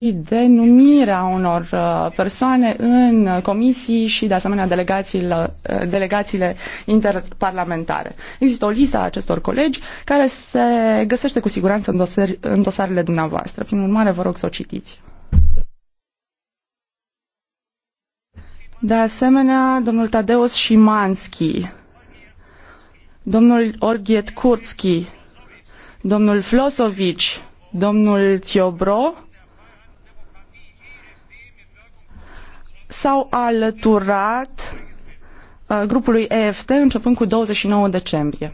Denumirea unor uh, persoane în comisii și, de asemenea, delegațiile, uh, delegațiile interparlamentare. Există o listă a acestor colegi care se găsește cu siguranță în, dosar, în dosarele dumneavoastră. Prin urmare, vă rog să o citiți. De asemenea, domnul Tadeus Șimanski, domnul Orghiet Kurtski, domnul Flosovici, domnul Tiobro, s-au alăturat uh, grupului EFT începând cu 29 decembrie.